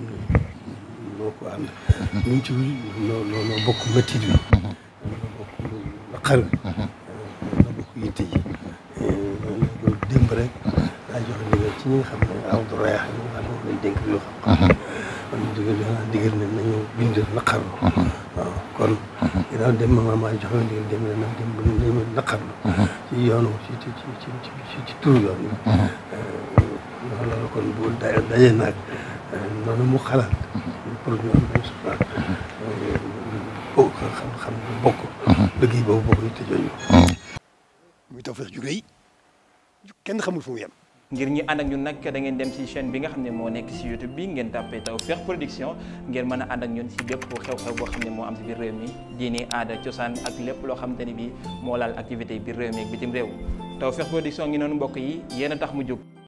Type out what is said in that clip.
xam ne noo ko ànd ñun ci noo noo bokk métit yi noo bokk naqar bi noo mhm. bokk yitte ji eh, loolu démb rek laa joxe ndigal ci ñi nga xam ne aw du raya ñu nga xam ne dénk bi xam-xam kon digal digal ne nañu bind naqarlu mhm. waaw kon mhm. ginnaaw dem ma maa joxe ndigal dem ne nag dem nañu naqarlu ci yoonu ci ci ci ci ci ci tur yoon eh, loolu kon bu daje naag wala mu xalaat pour ñu am benn soxla bokk xam-xam bokk liggéey boobu yi muy Tawfekh ju rëy kenn xamul foofu mu yem ngir ñi ànd ak ñun nag da ngeen dem ci chaine bi nga xam ne moo nekk ci YouTube bi ngeen tàppee Tawfekh Production ngeen mën a ànd ak ñun ci bépp xew-xew boo xam ne moo am ci biir réew mi diini aada cosaan ak lépp loo xamante ni bi moo laal activité biir réew mi ak bitim réew Tawfekh Production ngi noonu mbokk yi yéen tax mu jóg